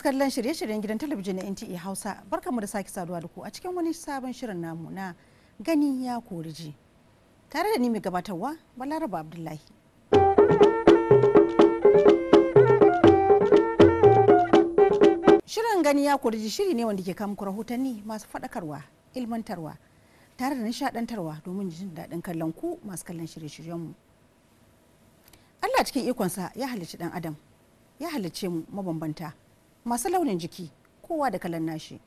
Masu kallon shirye-shiryen gidan talabijin na NTA Hausa, barkamu da sake saduwa da ku a cikin wani sabon shirin namu na gani ya ji Tare da ni mai gabatarwa Balaraba Abdullahi. Shirin gani ya ji shiri ne wanda ke kama muku rahotanni masu faɗakarwa, ilmantarwa, tare da nishaɗantarwa domin jin daɗin kallon ku masu kallon shirye shiryen mu Allah cikin ikonsa ya halicci dan Adam, ya halicce mu mabambanta. masu launin jiki kowa da kalan nashi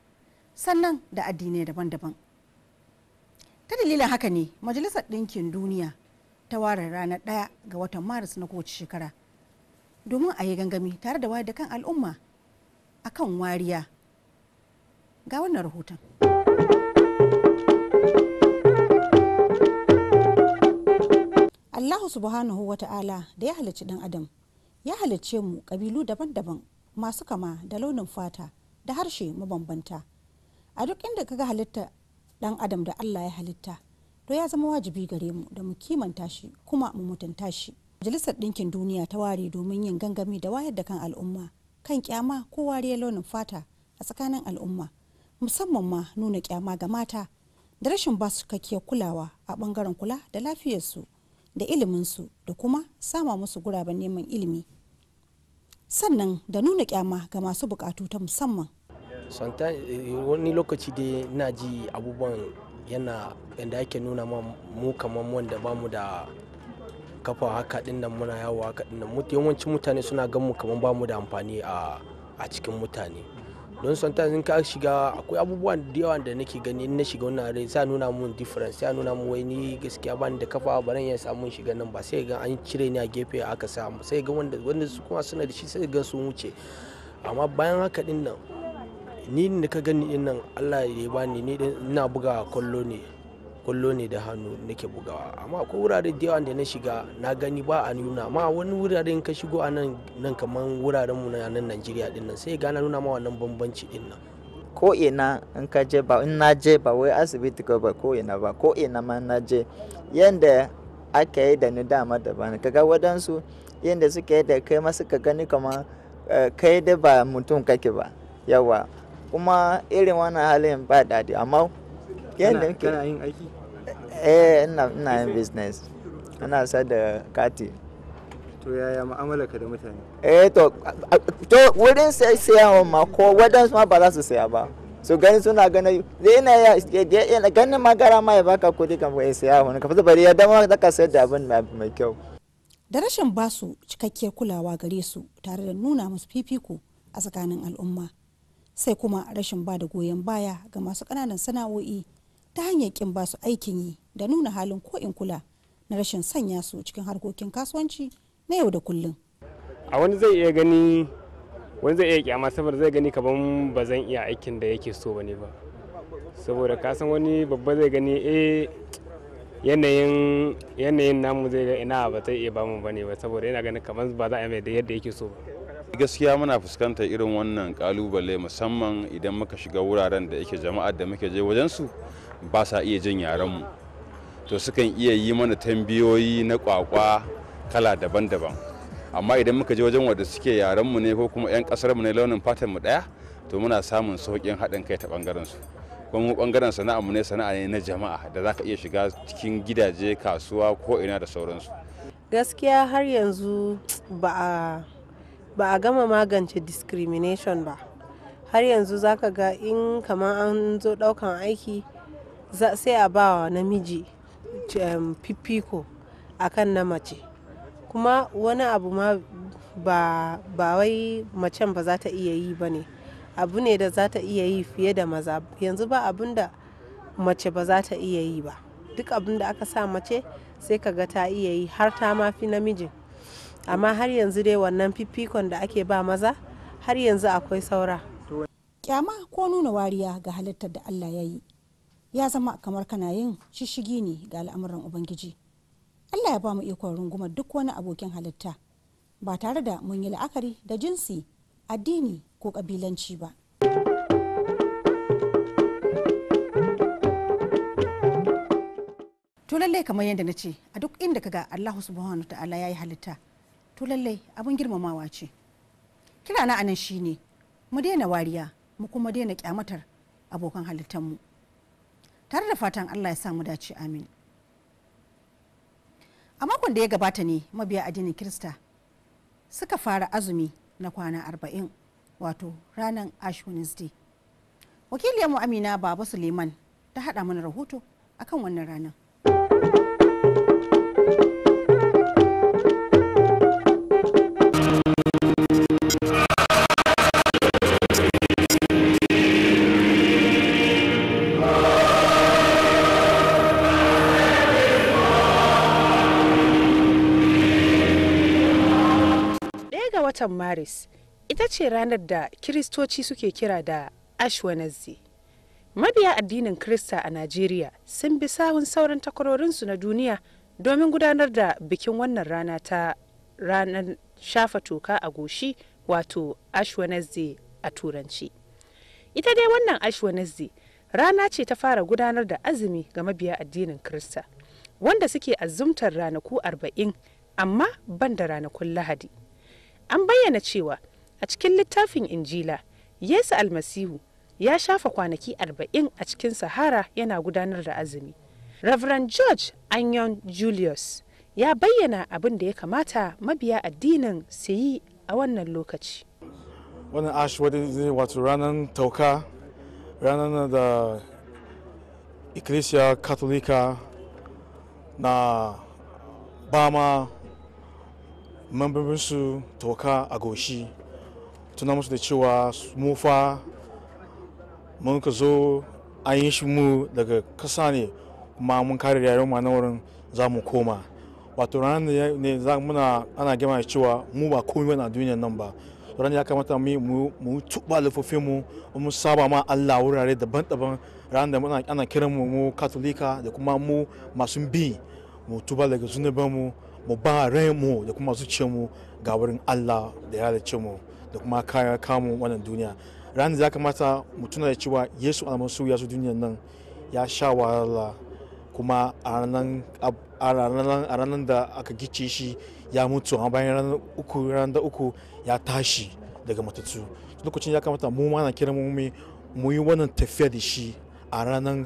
sannan da addinai daban-daban ta dalilin haka ne majalisar ɗinkin duniya ta ware ranar ɗaya ga watan maris na kowace shekara domin a yi gangami tare da wayar da kan al'umma a kan wariya ga wannan rahoton Allahu subhanahu wa ta'ala da ya halarci dan adam ya halarce mu kabilu daban-daban masu kama da launin fata da harshe mabambanta a duk inda kaga halitta dan adam da allah ya halitta to ya zama wajibi gare mu da mu kimanta shi kuma mu mutunta shi majalisar ɗinkin duniya ta ware domin yin gangami da wayar da kan al'umma kan kyama ko wariyar launin fata a tsakanin al'umma musamman ma nuna kyama ga mata da rashin basu su kakkiyar kulawa a bangaren kula da lafiyarsu da iliminsu da kuma sama musu guraben neman ilimi sannan da nuna kyama ga masu bukatu ta musamman eh, wani lokaci dai na ji abubuwan yana yadda ake nuna mu kamar wanda ba mu da kafa haka din nan muna yawo haka din nan yawancin mutane suna gan mu kamar ba mu da amfani a cikin mutane don sometimes in ka shiga akwai abubuwan da yawa da nake gani in na shiga wannan are sai nuna mun difference sai nuna mun wani ni gaskiya ban da kafa ba ran ya samu shiga nan ba sai ga an cire ni a gefe aka samu sai ga wanda wanda su kuma suna da shi sai ga sun wuce amma bayan haka din nan ni da ka gani din nan Allah ya bani ni ina buga kallo ne kwallo ne da hannu nake bugawa amma akwai wurare da yawa da na shiga na gani ba a nuna amma wani wuraren ka shigo a nan nan kamar wuraren mu na nan Najeriya din nan sai gana nuna ma wannan bambanci din nan ko ina in ka je ba in na je ba wai asibiti ko ba ko ina ba ko ina ma na je yanda aka yi da ni dama daban kaga wadansu yanda suka yi da kai ma suka gani kamar eh, kai da ba mutum kake ba yawa kuma irin wannan halin ba daɗi amma yadda muke kana yin aiki eh ina ina yin business ina sa da kati to yaya mu'amala ka da mutane eh to to wurin sai sayawa ma ko wadansu ma ba za su saya ba su gani suna gani zai na ya ganin magara ma ya baka kudi kan ya saya wani kafa bari ya dama da ka sayar da abin mai kyau da rashin basu cikakkiyar kulawa gare su tare da nuna musu fifiko a tsakanin al'umma sai kuma rashin ba da goyon baya ga masu ƙananan sana'o'i ta hanyar kin ba su aikin yi da nuna halin ko in kula na rashin sanya su cikin harkokin kasuwanci na yau da kullum a wani zai iya gani wani zai iya kyama saboda zai gani kaman ba zan iya aikin da yake so bane ba saboda ka san wani babba zai gani eh yanayin yanayin namu zai ga ina ba zai iya mu bane ba saboda yana ganin kaman ba za a mai da yadda yake so ba gaskiya muna fuskantar irin wannan kalubale musamman idan muka shiga wuraren da yake jama'ar da muke je wajen su. ba sa iya jin yarenmu to sukan iya yi mana tambiyoyi na kwakwa kala daban-daban amma idan muka je wajen wanda suke yarenmu ne ko kuma 'yan kasar mu ne launin mu ɗaya to muna samun sauƙin haɗin kai ta bangaren su kuma mu ɓangaren ne sana'a ne na jama'a da za ka iya shiga cikin gidaje kasuwa ko ina da sauransu gaskiya har yanzu ba a gama magance discrimination ba har yanzu za ka ga in kamar an zo ɗaukan aiki sai a ba wa namiji fifiko akan na mace kuma wani abu ma ba, wai macen ba za ta iya yi ba ne abu ne da za ta iya yi fiye da maza yanzu ba abin da mace ba za ta iya yi ba duk abin da aka sa mace sai ka ga ta iya yi har ta ma fi namiji amma har yanzu dai wannan fifikon da ake ba maza har yanzu akwai saura kyama ko nuna wariya ga halittar da allah ya yi ya zama kamar kana yin shishigi ne ga al'amuran ubangiji allah ya ba mu ikon rungumar duk wani abokin halitta ba tare da mun yi la'akari da jinsi addini ko kabilanci ba to lallai kamar yadda na ce a duk inda ka kaga allahu subhanahu ta'ala ya yi halitta to lallai abin girmamawa ce kira na anan shine mu daina wariya mu kuma daina kyamatar abokan halittanmu mu tare da fatan allah ya samu dace amin a makon da ya gabata ne mabiya addinin kirista suka fara azumi na kwana arba'in wato ranar ash wednesday wakiliyarmu amina baba suleiman ta haɗa mana rahoto akan wannan ranar watan maris ita ce ranar da kiristoci suke kira da ash mabiya addinin krista a najeriya sun bi sahun sauran takwarorinsu na duniya domin gudanar da bikin wannan rana ta ranar shafa toka a goshi wato ash a turanci ita dai wannan ash rana ce ta fara gudanar da azumi ga mabiya addinin krista wanda suke azumtar ranaku arba'in amma ban da ranakun lahadi an bayyana cewa a cikin littafin injila yesu almasihu ya shafa kwanaki arba'in a cikin sahara yana gudanar da azumi reverend george anyon julius ya bayyana abin da ya kamata mabiya addinin su yi a wannan lokaci wannan ash zai wato ranar tauka ranar da ecclesia katolika na bama su toka a goshi tuna musu da cewa mu fa mun ka zo an yi shi mu daga kasa ne kuma mun kare yaren ma na wurin za mu koma wato ranar ne za muna ana gama cewa mu ba komai wani a duniyar nan ba ranar ya kamata mu mu tuba lufofin mu mu saba ma Allah wurare daban-daban ranar da muna ana kiran mu mu katolika da kuma mu masu bi mu tuba daga zunubin mu mu ba mu da kuma mu ga wurin Allah da ya halice mu da kuma kaya kamu wannan duniya ranar da ya kamata mu tuna da cewa Yesu almasu ya su duniyan nan ya sha wahala kuma a ranar da aka gice shi ya mutu a bayan ranar uku ranar da uku ya tashi daga matattu lokacin ya kamata mu mana kiran mu mu yi wannan tafiya da shi a ranar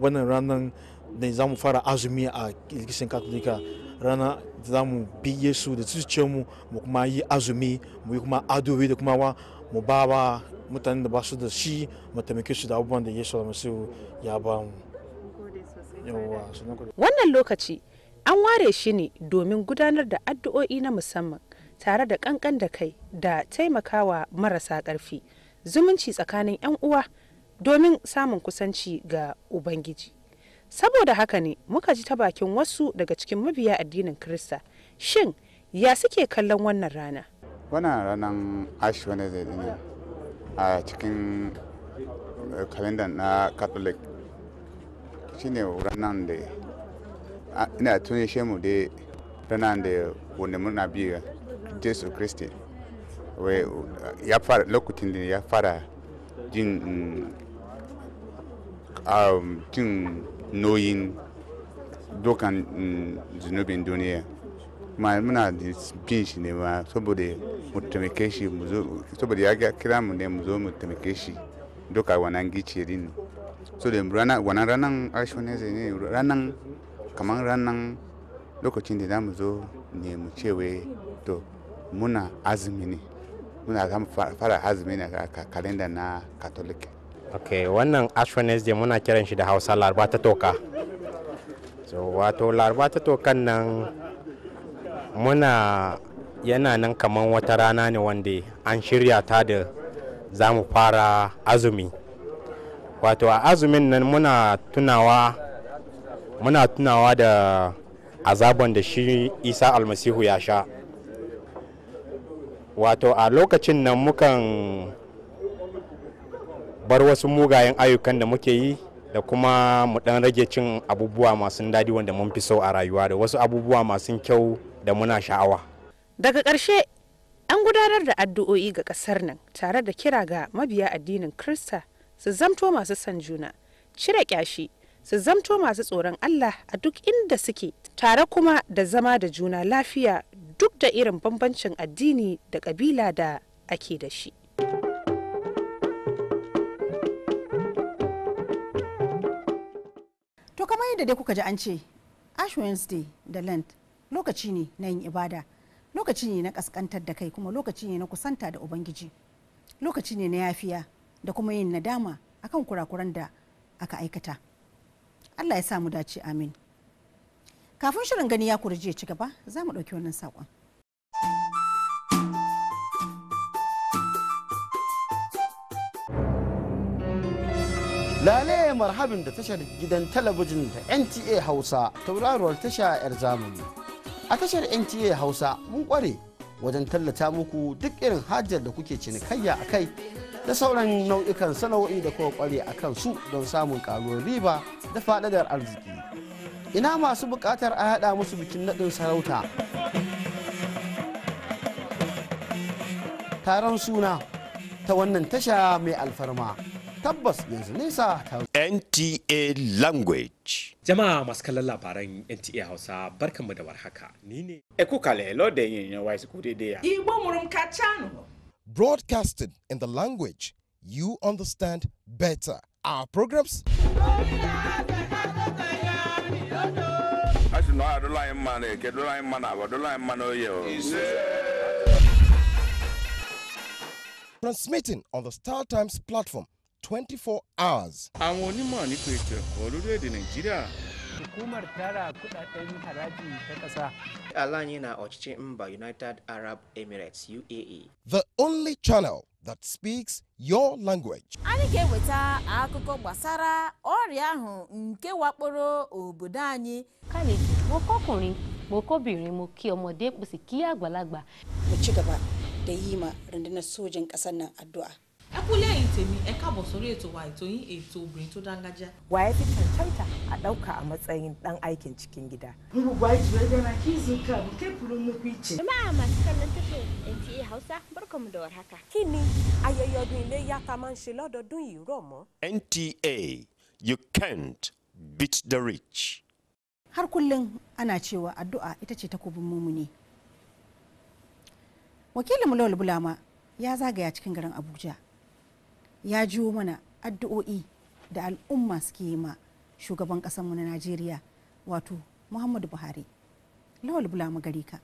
wannan ranar da za mu fara azumi a kilisin katolika ranar za mu bi yesu da zuciyarmu mu kuma yi azumi mu yi kuma adobe da kuma wa mu ba wa mutanen da ba su da shi mu taimake su da abubuwan da yesu almasihu ya ba mu wannan lokaci an ware shi ne domin gudanar da addu'o'i na musamman tare da kankan da kai da taimakawa marasa karfi zumunci tsakanin 'yan uwa domin samun kusanci ga ubangiji saboda haka ne muka ji ta bakin wasu daga cikin mabiya addinin krista shin ya suke kallon wannan rana wannan ranar ash zai ne a cikin kalendar eh, na catholic shine ranar da ina tuni shemu da ranar da wani muna biya jesu kristi ya fara lokacin da ya fara jin mm, um, jin noyin dukan mm, zunubin duniya ma muna bin shi ne ma saboda mu taimake shi saboda ya kira mu ne mu zo mu taimake shi duka wannan gice din so da wannan ranan ashonese ne ranan kamar ranan lokacin da mu zo ne mu cewe to muna azumi ne muna fara azumi ne a kalenda na catholic ok wannan ash wednesday muna kiran shi da hausa laraba ta toka so wato laraba ta tokan nan muna yana nan kamar wata rana ne wanda an shirya ta da za mu fara azumi wato a azumin nan muna tunawa muna tunawa da azabon da shi isa almasihu ya sha wato a lokacin nan mukan bar wasu mugayen ayyukan da muke yi da kuma mu dan rage cin abubuwa masu dadi wanda mun fi so a rayuwa da wasu abubuwa masu kyau da muna sha'awa. Daga ƙarshe an gudanar da addu'o'i ga ƙasar nan tare da kira ga mabiya addinin Krista su zamto masu son juna, cire ƙyashi, su zamto masu tsoron Allah a duk inda suke tare kuma da zama da juna lafiya duk da irin bambancin addini da ƙabila da ake da shi. to kamar yadda dai kuka ji an ce ash wednesday da lent lokaci ne na yin ibada lokaci ne na kaskantar da kai kuma lokaci ne na kusanta da ubangiji lokaci ne na yafiya da kuma yin nadama akan kurakuran da aka aikata allah ya samu dace amin kafin shirin gani ya kurje ya ci gaba za mu ɗauki wannan saƙon. marhabin da tashar gidan talabijin da nta hausa tauraruwar tasha 'yar zamani a tashar nta hausa mun kware wajen tallata muku duk irin hajjar da kuke cinikayya a kai da sauran nau'ikan sana'o'i da kuma kware a kan su don samun karuwar riba da faɗaɗar arziki ina masu buƙatar a haɗa musu bikin naɗin sarauta taron suna ta wannan tasha mai alfarma tabbas yanzu ta NTA language. Jama'a masu kallon labaran NTA Hausa barkanmu da warhaka. Ni ne. kale lo da yin ku dai Igbo murum Broadcasted in the language you understand better. Our programs. Transmitting on the Star Times platform 24 hours. àwọn onímọ̀ nípa ètò ẹ̀kọ́ lórílẹ̀‐èdè nàìjíríà. hukumar tara kudaden haraji ta kasa. alanyi na ọchịchị mba united arab emirates uae. the only channel that speaks your language. anyị ga-eweta akụkọ gbasara ọrịa ahụ nke wakporo obodo anyị. kálíjì mo kọkùnrin mo kóbìnrin mo kí ọmọdé mo kí àgbàlagbà. mo ci gaba da yi ma rundunar sojin ƙasar nan addu'a. kúlé ẹ̀yin tèmi ẹ káàbọ̀ sórí ètò wa ètò yín ètò obìnrin tó dáńgájá. waye fi cancanta a ɗauka a matsayin ɗan aikin cikin gida. Ngugwa ya jiwa da maki zuka bu kai furu muku ice. Jama'a masu kallon tashar NTA Hausa barkamu da haka. Kí ni ayẹyẹ ọdún iléyá ta máa ń ṣe lọ́dọọdún yìí rọ̀ mọ́? NTA you can't beat the rich. Har kullum ana cewa addu'a ita ce takobin mumuni. Wakilin Mulawal Bulama ya zagaya cikin garin Abuja ya jiwo mana addu'o'i da al'umma suke yi ma shugaban ƙasarmu na najeriya wato muhammadu buhari lawal bula gare ka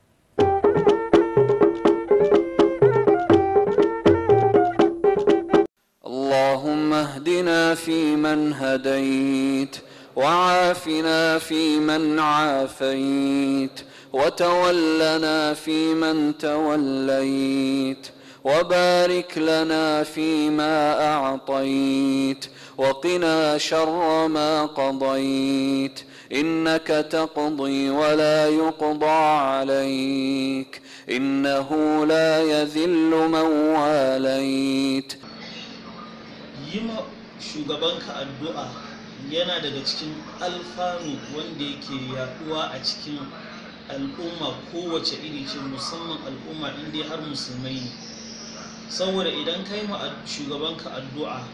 اللهم اهدنا فيمن هديت وعافنا فيمن عافيت وتولنا فيمن توليت وبارك لنا فيما أعطيت وقنا شر ما قضيت إنك تقضي ولا يقضى عليك إنه لا يذل من واليت يما شغبانك الدعاء ينا دغتكين الفان يا قوى أتكين الأمة قوة إليك مصمم الأمة عندي هر مسلمين saboda idan kai ma shugabanka addu'a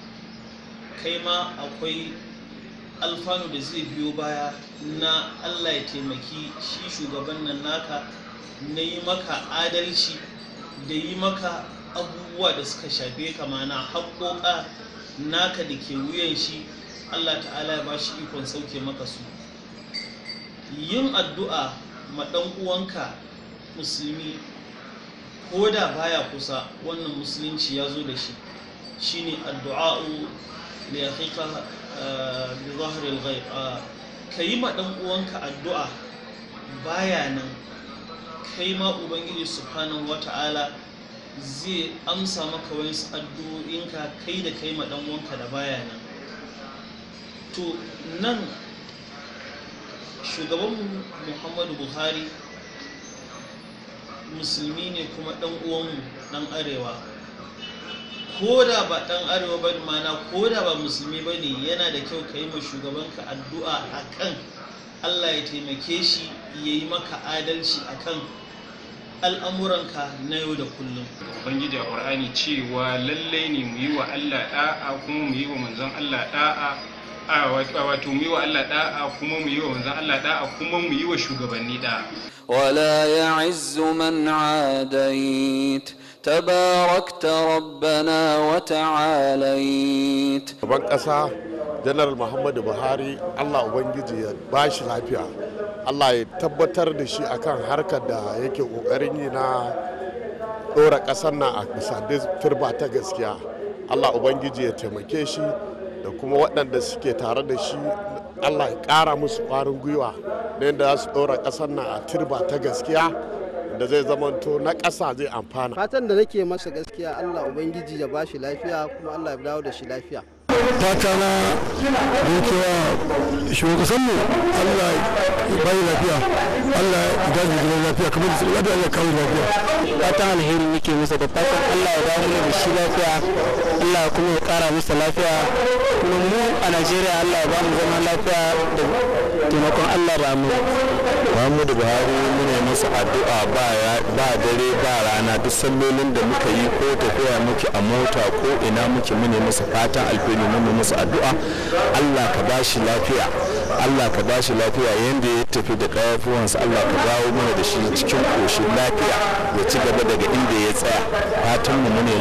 kai ma akwai alfanu da zai biyo baya na allah ya taimaki shi shugaban nan naka na yi maka adalci da yi maka abubuwa da suka shafe ka na haƙoƙa naka da ke wuyan shi allah ta'ala ya ba shi ikon sauke maka su yin addu'a ma ɗan uwanka musulmi ko da baya kusa wannan musulunci ya zo da shi shine addu'a'u ya haifa eh, da zahri gai a kayi ma dan uwanka addu'a baya nan kai ma ubangiji subhanahu wata'ala zai amsa maka wasu addu'inka kai da kai ma dan uwanka da baya nan to nan shugabanmu muhammadu buhari musulmi ne kuma ɗan uwanmu ɗan arewa ko da ba ɗan arewa ba mana ko da ba musulmi ba ne yana da kyau ka yi ma shugabanka addu'a a kan allah ya taimake shi ya yi maka adalci a kan al'amuranka na yau da kullum ubangiji a ƙwar'ani cewa lallai ne mu yi wa allah ɗa'a kuma mu yi wa manzon allah ɗa'a a wato mu yi wa Allah da'a kuma mu yi wa manzon Allah da'a kuma mu yi wa shugabanni da'a wala ya'izzu man 'adait tabarakta rabbana wa ban kasa janar Muhammadu Buhari Allah ubangiji ya bashi lafiya Allah ya tabbatar da shi akan harkar da yake kokarin yi na dora kasar na a bisa turba ta gaskiya Allah ubangiji ya taimake shi da kuma waɗanda suke tare da shi allah ya ƙara musu ƙwarin gwiwa da yadda za su ɗora ƙasar na a turba ta gaskiya da zai zamanto na ƙasa zai amfana fatan da nake masa gaskiya allah ubangiji ya ba shi lafiya kuma allah ya dawo da shi lafiya fata na dukewa shugaban mu Allah ya bayi lafiya Allah ya dawo da lafiya kamar da da ya kawo lafiya fata alheri nake masa da fatan Allah ya dawo da shi lafiya Allah kuma ya kara masa lafiya kuma mu a najeriya allah ya bamu zama lafiya da taimakon allah ba mu muhammadu buhari muna masa addu'a ba dare ba rana duk sallolin da muka yi ko tafiya muke a mota ko ina muke mune masa fatan alfini mu masa addu'a allah ka shi lafiya allah ka bashi lafiya yadda ya tafi da ƙafafuwansa allah ka dawo mana da shi cikin koshin lafiya ya ci gaba daga inda ya tsaya fatan mu muna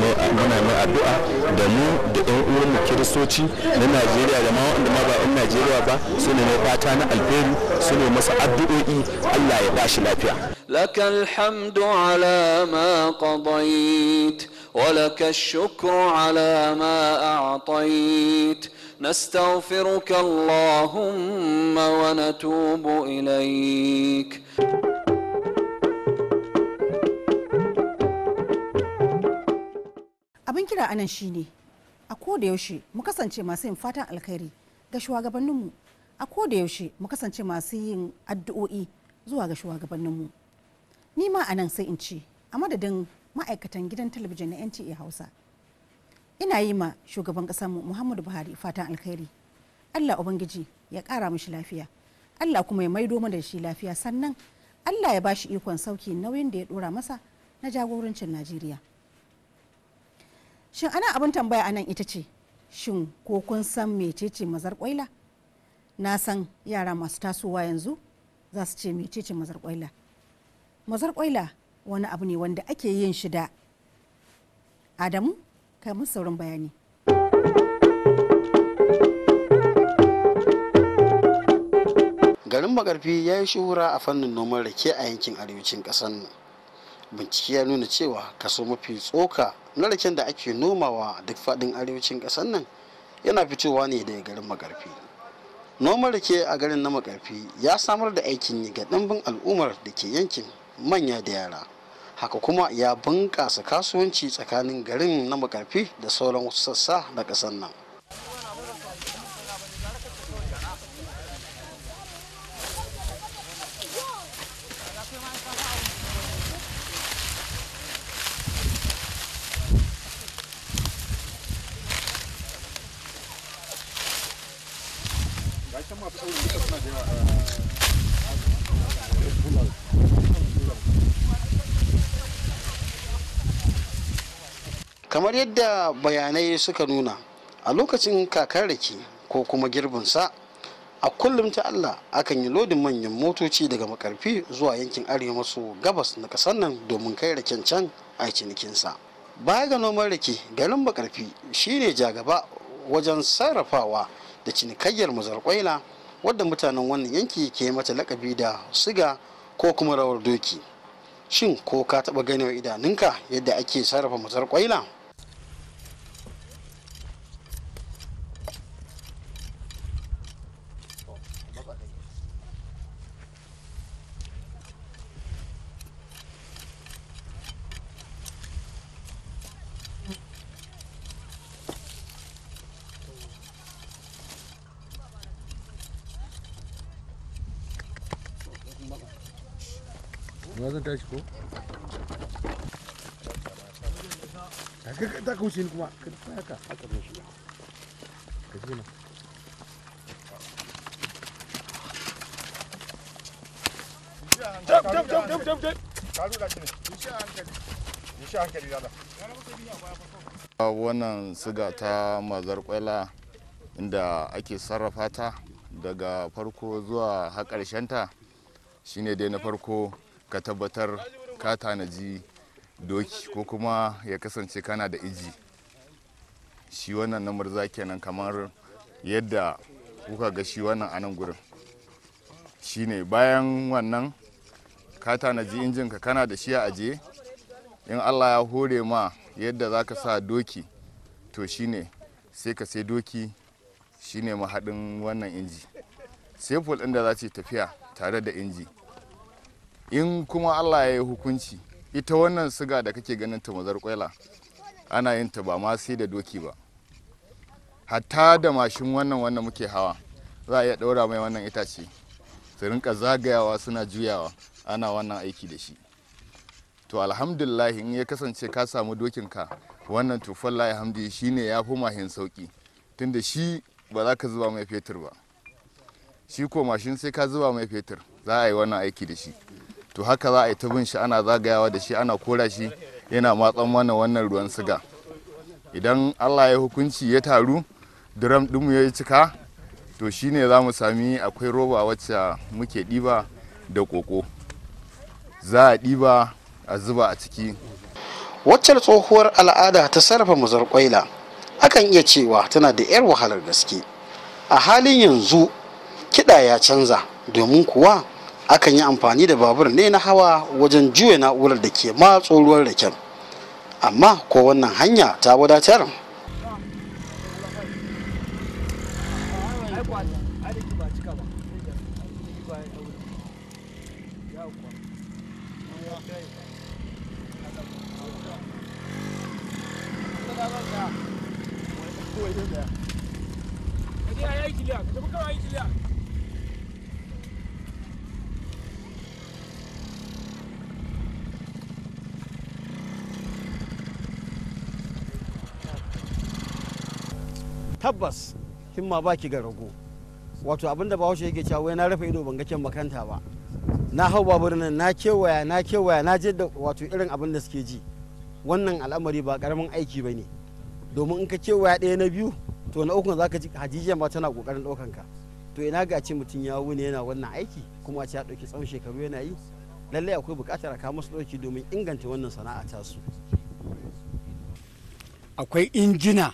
mai addu'a da mu da yan uwan mu kiristoci na najeriya da ma wanda ma ba yan najeriya ba su ne mai fata na alheri su ne masa addu'o'i allah ya bashi lafiya لك الحمد على ما قضيت ولك الشكر على ما اعطيت نستغفرك اللهم ونتوب اليك abin kira anan shine a koda yaushe mu kasance masu yin fatan alkhairi ga shugabanninmu a koda yaushe mu kasance masu yin addu'o'i zuwa ga shugabanninmu ni ma anan sai in ce a madadin ma'aikatan gidan talabijin na NTA Hausa ina yi ma shugaban mu Muhammadu Buhari fatan alkhairi Allah ubangiji ya kara mishi lafiya Allah kuma ya maido mana da shi lafiya sannan Allah ya ba shi ikon sauki nauyin da ya dora masa na jagorancin Najeriya. shin ana abin tambaya anan ita ce shin ko kun san mecece mazar kwaila na san yara masu tasowa yanzu za su ce mecece mazar kwaila mazar kwaila wani abu ne wanda ake yin shi da adamu kai mun saurin bayani garin magarfi ya yi shuhura a fannin noman rake a yankin arewacin ƙasar nan bincike ya nuna cewa kaso mafi tsoka na da ake nomawa a duk faɗin arewacin ƙasar nan yana fitowa ne daga garin makarfi noman rake a garin na makarfi ya samar da aikin yi ga ɗimbin al'ummar da ke yankin manya da yara haka kuma ya bunƙasa kasuwanci tsakanin garin na makarfi da sauran sassa na ƙasar nan kamar yadda bayanai suka nuna a lokacin kakar rake ko kuma girbinsa a kullum ta Allah akan yi lodin manyan motoci daga makarfi zuwa yankin arewa maso gabas na kasar nan domin kai raken can a cinikinsa baya ga noman rake garin makarfi shine jagaba wajen sarrafawa da cinikayyar mazarkwaila, wadda mutanen wannan yanki ke mata lakabi da siga ko kuma rawar doki shin ko ka taba wa idanunka yadda ake sarrafa mazarkwaila? zan tashi Jump, jump, jump, jump, jump, jump. wannan siga ta mazar kwaila inda ake sarrafa ta daga farko zuwa haƙarshenta ta shine dai na farko ka tabbatar ka tanaji doki ko kuma ya kasance kana da iji shi wannan na murza kenan kamar yadda kuka ga shi wannan anan nan gurin shine bayan wannan ka tanaji injin ka kana da shi a aje in allah ya hore ma yadda za ka sa doki to shine sai ka sai doki shine mahadin wannan inji sai ɗin da za ce tafiya tare da inji in kuma allah ya yi hukunci ita wannan siga da kake ganin ta mazar kwaila ana yin ta ba ma sai da doki ba hatta da mashin wannan wannan muke hawa za a iya ɗaura mai wannan itace su rinka zagayawa suna juyawa ana wannan aiki da shi to alhamdulillah in ya kasance ka samu ka wannan tufan layi hamdi ne ya fi mahin sauki tunda shi ba za ka zuba mai fetur ba shi ko mashin sai ka zuba mai fetur za a yi wannan aiki da shi to haka za a yi ta bin shi ana zagayawa da shi ana kora shi yana matsan mana wannan ruwan siga idan allah ya hukunci ya taru diram dinmu ya yi cika to shine za mu sami akwai roba wacce muke ɗiba da ƙoƙo za a ɗiba a zuba a ciki waccar tsohuwar al'ada ta sarrafa mazar kwaila akan iya cewa tana da 'yar wahalar gaske a halin yanzu kiɗa ya canza domin kuwa akan yi amfani da babur ne na hawa wajen juya na'urar da ke matso ruwan raken amma ko wannan hanya ta wadatar Yeah. tabbas himma baki ga rago wato abinda bahaushe yake cewa wai na rufe ido ban ga kyan makaranta ba na hau babur nan na kewaya na kewaya na je da wato irin abin da suke ji wannan al'amari ba karamin aiki ba ne domin in ka kewaya ɗaya na biyu to na uku za zaka ji hajijiya ma tana kokarin ɗaukan ka to ina ga ce mutum ya wuni yana wannan aiki kuma a ce ya dauki tsawon shekaru yana yi lallai akwai buƙatar a kawo ɗauki domin inganta wannan sana'a ta su. akwai injina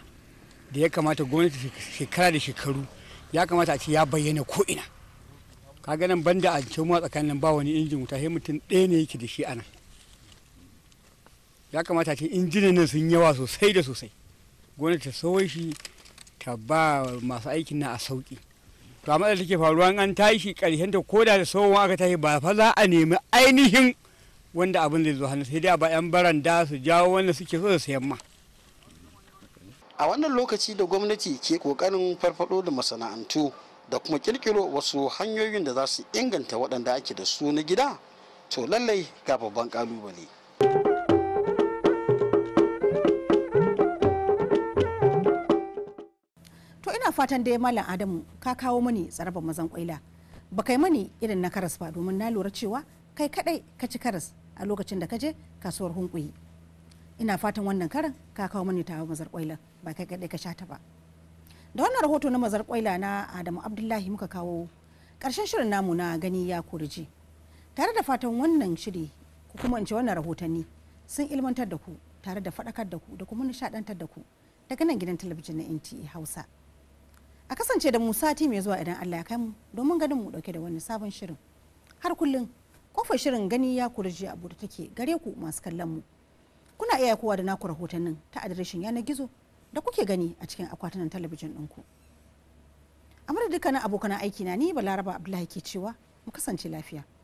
da ya kamata gwamnati shekara da shekaru ya kamata a ce ya bayyana koina ina ganin ban banda a cikin ma tsakanin ba wani injin wuta sai mutum ɗaya ne yake da shi anan ya kamata ce injinan nan sun yawa sosai da sosai gwamnati ta sauye shi ta ba masu aikin na a sauki to amma da take faruwa an tashi karshen ta ko da sauwa aka tashi ba fa za a nemi ainihin wanda abin zai zo hannu sai dai a ba yan baranda su jawo wanda suke so da sayan ma a wannan lokaci da gwamnati ke kokarin farfado da masana'antu da kuma kirkiro wasu hanyoyin da za su inganta waɗanda ake da su na gida to lallai ga babban kalubale to ina fatan dai malam adamu ka kawo mani tsarabar mazan kwaila ba kai mani irin na karas ba domin na lura cewa kai kaɗai ka ci karas a lokacin da ka je kasuwar hunkuyi ina fatan wannan karan ka kawo mani ta mazar kwaila ba kai kaɗai ka sha ta ba da wannan rahoto na mazar kwaila na adamu abdullahi muka kawo karshen shirin namu na gani ya kurji tare da fatan wannan shiri ku kuma in ce wannan rahotanni sun ilmantar da ku tare da fadakar da ku da kuma nishadantar da ku daga nan gidan talabijin na NTA Hausa. A kasance da mu sati mai zuwa idan Allah ya kai mu domin ganin mu dauke da wani sabon shirin. Har kullum kofar shirin gani ya kurji a bude take gare ku masu kallon mu. kuna iya kowa da naku rahotannin ta adireshin yanar gizo da kuke gani a cikin akwatunan talabijin ɗinku a madadin dukkanin abokan aiki na ni balaraba abdullahi ke cewa mu kasance lafiya